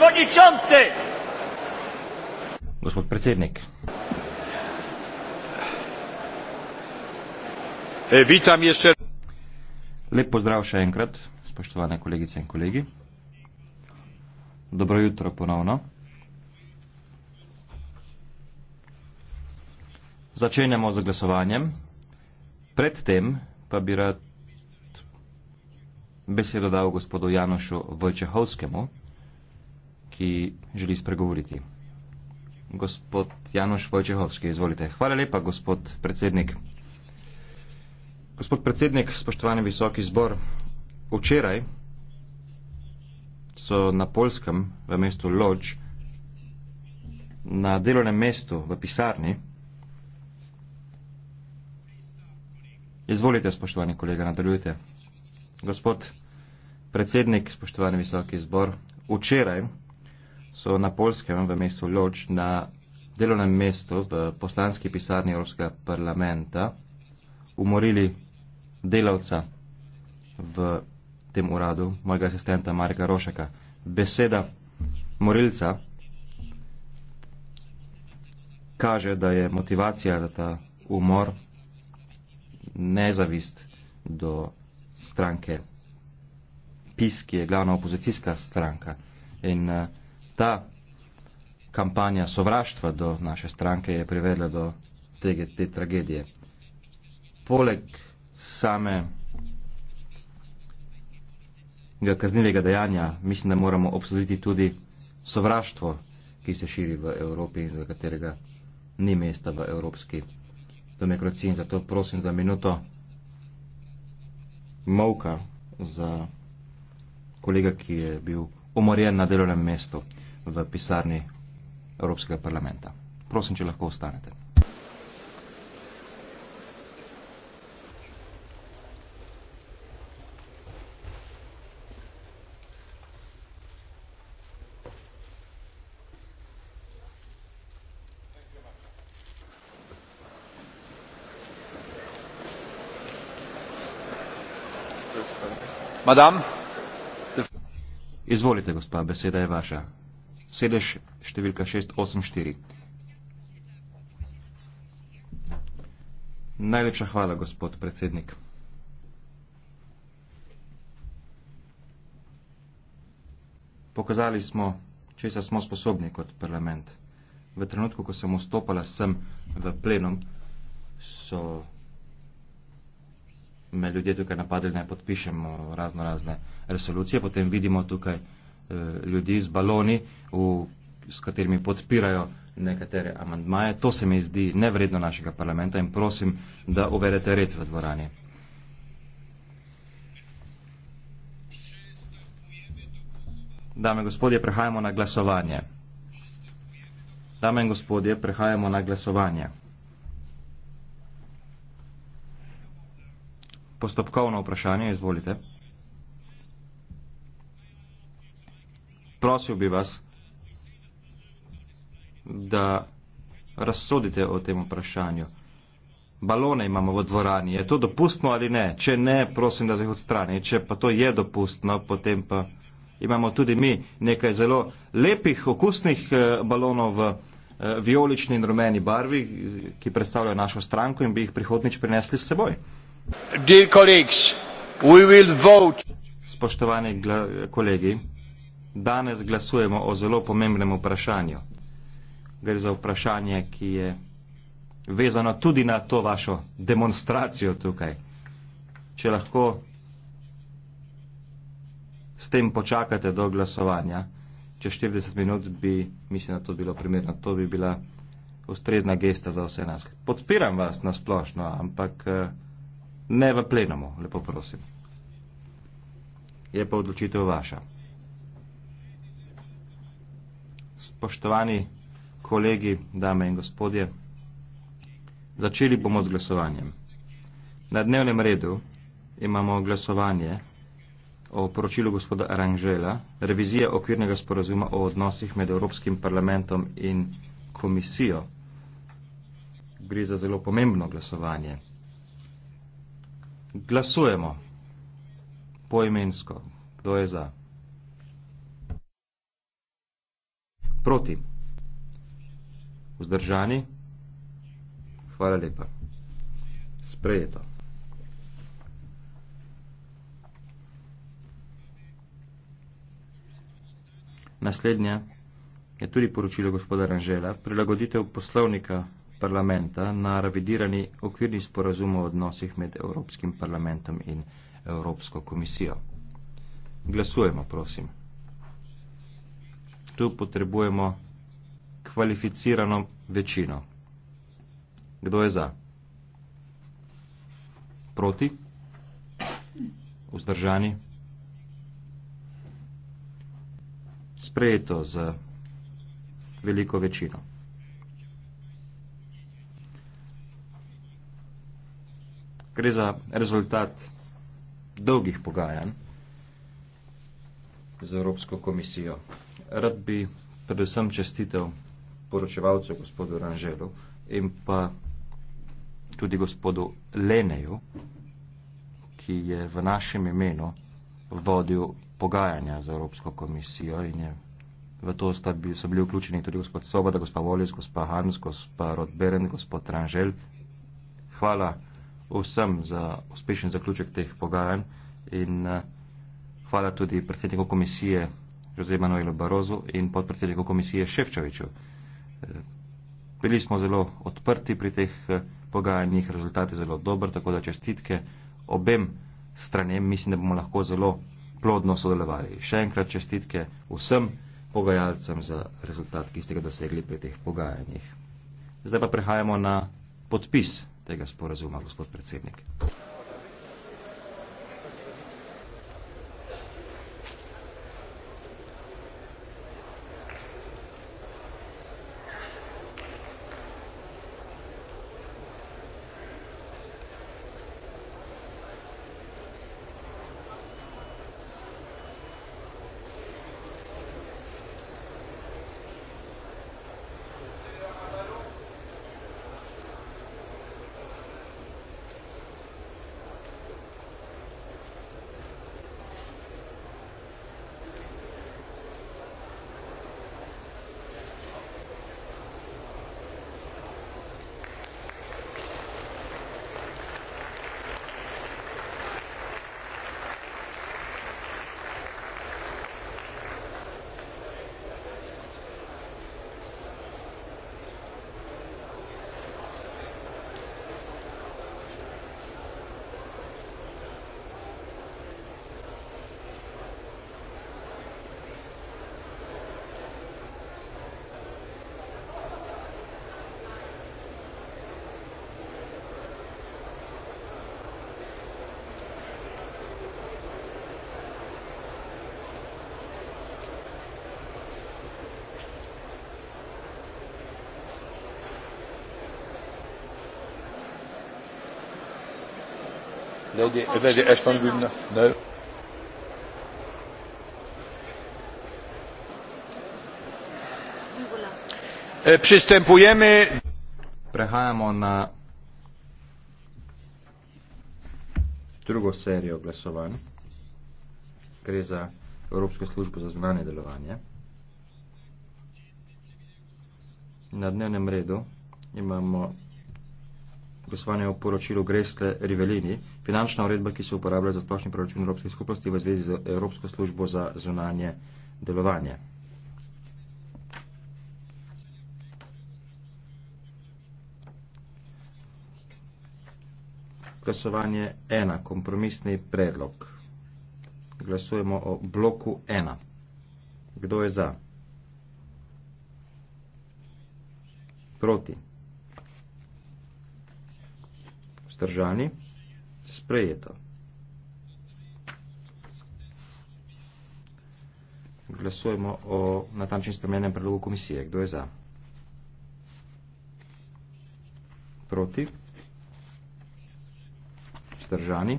przewodniczący! Gospod predsednik. E, witam jeszcze. Lep pozdrav še enkrat, spoštovane kolegice in kolegi. Dobro jutro ponovno. Začenjamo z glasovanjem. Predtem pa bi rad besedo dal gospodu Janošu Vojčehovskemu, ki želi spregovoriti. Gospod Janoš Vojčehovski, izvolite. Hvala lepa, gospod predsednik. Gospod predsednik, spoštovani visoki zbor, včeraj so na Polskem v mestu Lodž na delovnem mestu v pisarni. Izvolite, spoštovani kolega, nadaljujte. Gospod predsednik, spoštovani visoki zbor, včeraj so na polskem v mestu Loč na delovnem mestu v poslanski pisarni Evropskega parlamenta umorili delavca v tem uradu, mojega asistenta Marka Rošeka. Beseda morilca kaže, da je motivacija za ta umor nezavist do stranke PIS, ki je glavna opozicijska stranka. In uh, ta kampanja sovraštva do naše stranke je privedla do tege, te tragedije. Poleg same kaznivega dejanja, mislim, da moramo obsoditi tudi sovraštvo, ki se širi v Evropi in za katerega ni mesta v Evropski demokraciji. Zato prosim za minuto molka za kolega, ki je bil umorjen na delovnem mestu v pisarni Evropskega parlamenta. Prosim, če lahko ostanete. Madame. Izvolite, gospa, beseda je vaša sedež številka 684. Najlepša hvala, gospod predsednik. Pokazali smo, česa smo sposobni kot parlament. V trenutku, ko sem vstopala sem v plenom, so me ljudje tukaj napadli, ne podpišemo razno razne resolucije, potem vidimo tukaj Eh, ljudi z baloni, v, s katerimi podpirajo nekatere amandmaje. To se mi zdi nevredno našega parlamenta in prosim, da uvedete red v dvorani. Dame in gospodje, prehajamo na glasovanje. Dame in gospodje, prehajamo na glasovanje. Postopkovno vprašanje, izvolite. prosil bi vas, da razsodite o tem vprašanju. Balone imamo v dvorani, je to dopustno ali ne? Če ne, prosim, da se jih odstrani. Če pa to je dopustno, potem pa imamo tudi mi nekaj zelo lepih, okusnih eh, balonov v eh, vijolični in rumeni barvi, ki predstavljajo našo stranko in bi jih prihodnič prinesli s seboj. Spoštovani kolegi, Danes glasujemo o zelo pomembnem vprašanju. Gre za vprašanje, ki je vezano tudi na to vašo demonstracijo tukaj. Če lahko s tem počakate do glasovanja, če 40 minut bi, mislim, da to bilo primerno, to bi bila ustrezna gesta za vse nas. Podpiram vas na splošno, ampak eh, ne v plenumu, lepo prosim. Je pa odločitev vaša. spoštovani kolegi, dame in gospodje, začeli bomo z glasovanjem. Na dnevnem redu imamo glasovanje o poročilu gospoda Aranžela, revizija okvirnega sporazuma o odnosih med Evropskim parlamentom in komisijo. Gre za zelo pomembno glasovanje. Glasujemo poimensko, kdo je za. proti. Vzdržani, hvala lepa. Sprejeto. Naslednje je tudi poročilo gospoda Ranžela, prilagoditev poslovnika parlamenta na revidirani okvirni sporazum o odnosih med Evropskim parlamentom in Evropsko komisijo. Glasujemo, prosim tu potrebujemo kvalificirano večino. Kdo je za? Proti? Vzdržani? Sprejeto z veliko večino. Gre za rezultat dolgih pogajanj z Evropsko komisijo rad bi predvsem čestitev poročevalcu gospodu Ranželu in pa tudi gospodu Leneju, ki je v našem imenu vodil pogajanja z Evropsko komisijo in je v to sta bi, so bili vključeni tudi gospod Soboda, gospod Volis, gospod Hans, gospod Rodberen, gospod Ranžel. Hvala vsem za uspešen zaključek teh pogajanj in eh, hvala tudi predsedniku komisije Jose Manuelu Barozu in podpredsedniku komisije Ševčoviču. Eh, bili smo zelo odprti pri teh eh, pogajanjih, rezultat je zelo dober, tako da čestitke obem stranem, mislim, da bomo lahko zelo plodno sodelovali. Še enkrat čestitke vsem pogajalcem za rezultat, ki ste ga dosegli pri teh pogajanjih. Zdaj pa prehajamo na podpis tega sporazuma, gospod predsednik. Lady Ashton Gunn, 9. Przystępujemy. Prehajamo na drugo serijo glasovanj. Gre za Evropsko službo za zunanje delovanje. Na dnevnem redu imamo glasovanje o poročilu Greste Rivelini. Finančna uredba, ki se uporablja za splošni proračun Evropske skupnosti v zvezi z Evropsko službo za zunanje delovanje. Glasovanje ena, kompromisni predlog. Glasujemo o bloku ena. Kdo je za? Proti. Vzdržani. Vzdržani sprejeto. Glasujemo o natančnem spremljenem predlogu komisije. Kdo je za? Proti? Zdržani?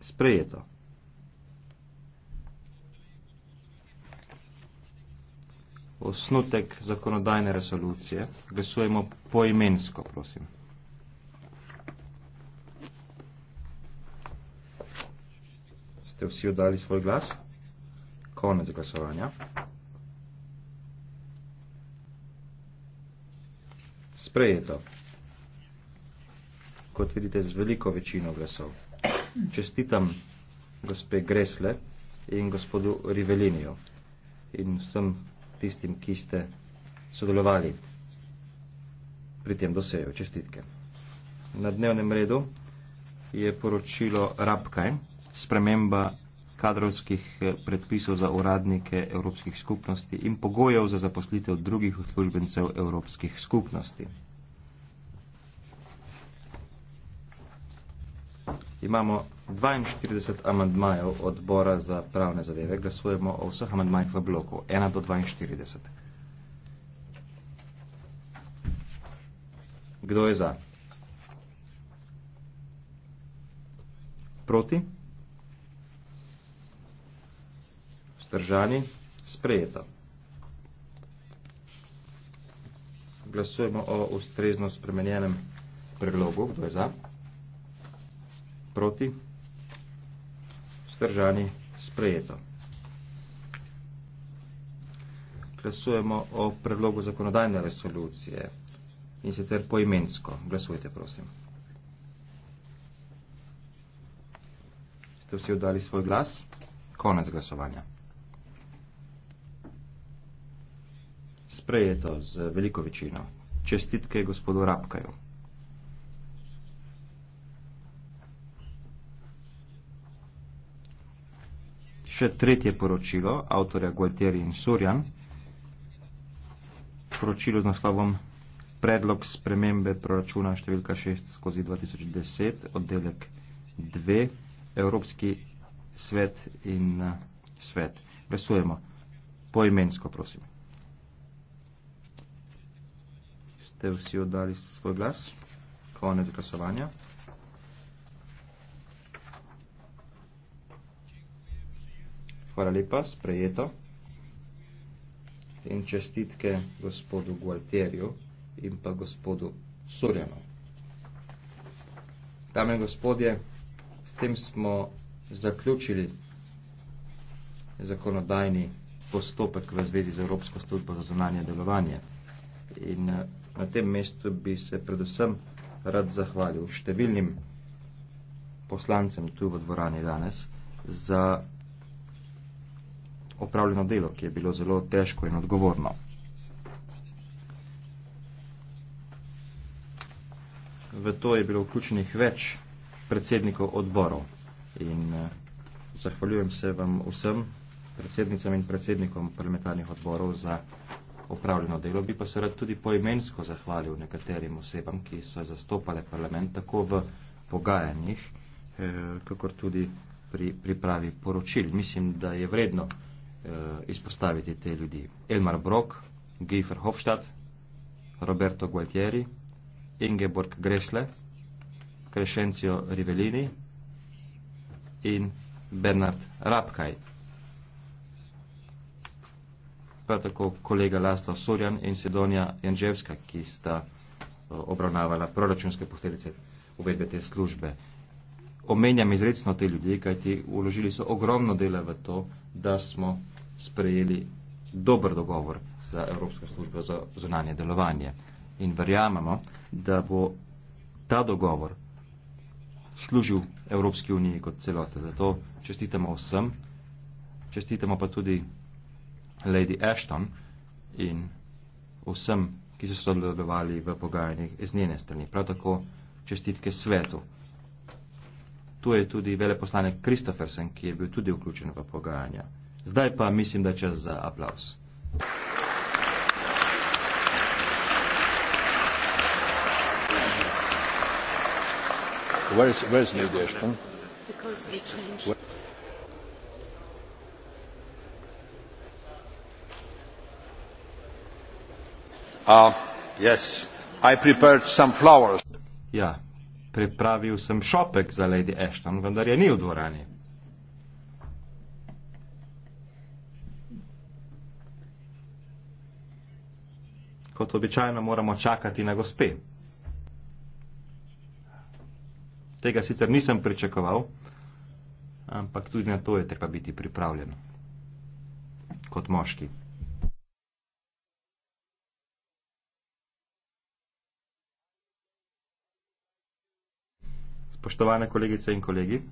Sprejeto. Osnutek zakonodajne resolucije. Glasujemo poimensko, prosim. ste vsi oddali svoj glas. Konec glasovanja. Sprejeto. Kot vidite, z veliko večino glasov. Čestitam gospe Gresle in gospodu Rivelinijo in vsem tistim, ki ste sodelovali pri tem dosejo. Čestitke. Na dnevnem redu je poročilo Rabkajn sprememba kadrovskih eh, predpisov za uradnike evropskih skupnosti in pogojev za zaposlitev drugih uslužbencev evropskih skupnosti. Imamo 42 amandmajev odbora za pravne zadeve. Glasujemo o vseh amandmajih v bloku. 1 do 42. Kdo je za? Proti? Proti? Zdržani? Sprejeto. Glasujemo o ustrezno spremenjenem predlogu. Kdo je za? Proti? Zdržani? Sprejeto. Glasujemo o predlogu zakonodajne resolucije in sicer poimensko. Glasujte, prosim. Ste vsi oddali svoj glas? Konec glasovanja. sprejeto z veliko večino. Čestitke gospodu Rabkaju. Še tretje poročilo avtorja Gualtieri in Surjan. Poročilo z naslovom Predlog spremembe proračuna številka 6 skozi 2010, oddelek 2, Evropski svet in eh, svet. Glasujemo poimensko, prosim. ste vsi oddali svoj glas. Konec glasovanja. Hvala lepa, sprejeto. In čestitke gospodu Gualterju in pa gospodu Surjanu. Dame in gospodje, s tem smo zaključili zakonodajni postopek v zvezi z Evropsko službo za zunanje delovanje. In Na tem mestu bi se predvsem rad zahvalil številnim poslancem tu v dvorani danes za opravljeno delo, ki je bilo zelo težko in odgovorno. V to je bilo vključenih več predsednikov odborov in eh, zahvaljujem se vam vsem predsednicam in predsednikom parlamentarnih odborov za opravljeno delo, bi pa se rad tudi poimensko zahvalil nekaterim osebam, ki so zastopale parlament tako v pogajanjih, eh, kakor tudi pri pripravi poročil. Mislim, da je vredno eh, izpostaviti te ljudi. Elmar Brok, Guy Verhofstadt, Roberto Gualtieri, Ingeborg Gresle, Crescencio Rivellini in Bernard Rapkaj prav tako kolega Laslo Surjan in Sedonja Janževska, ki sta eh, obravnavala proračunske posledice uvedbe te službe. Omenjam izredno te ljudi, kajti uložili so ogromno dela v to, da smo sprejeli dober dogovor za Evropsko službo za zunanje delovanje. In verjamemo, da bo ta dogovor služil Evropski uniji kot celote. Zato čestitamo vsem, čestitamo pa tudi Lady Ashton in vsem, ki so sodelovali v pogajanjih z njene strani. Prav tako čestitke svetu. Tu je tudi veleposlanik Kristofersen, ki je bil tudi vključen v pogajanja. Zdaj pa mislim, da je čas za aplaus. Where is, where is Lady Ashton? Because we changed. Where? Ja, pripravil sem šopek za Lady Ashton, vendar je ni v dvorani. Kot običajno moramo čakati na gospe. Tega sicer nisem pričakoval, ampak tudi na to je treba biti pripravljen. Kot moški. spoštovane kolegice in kolegi.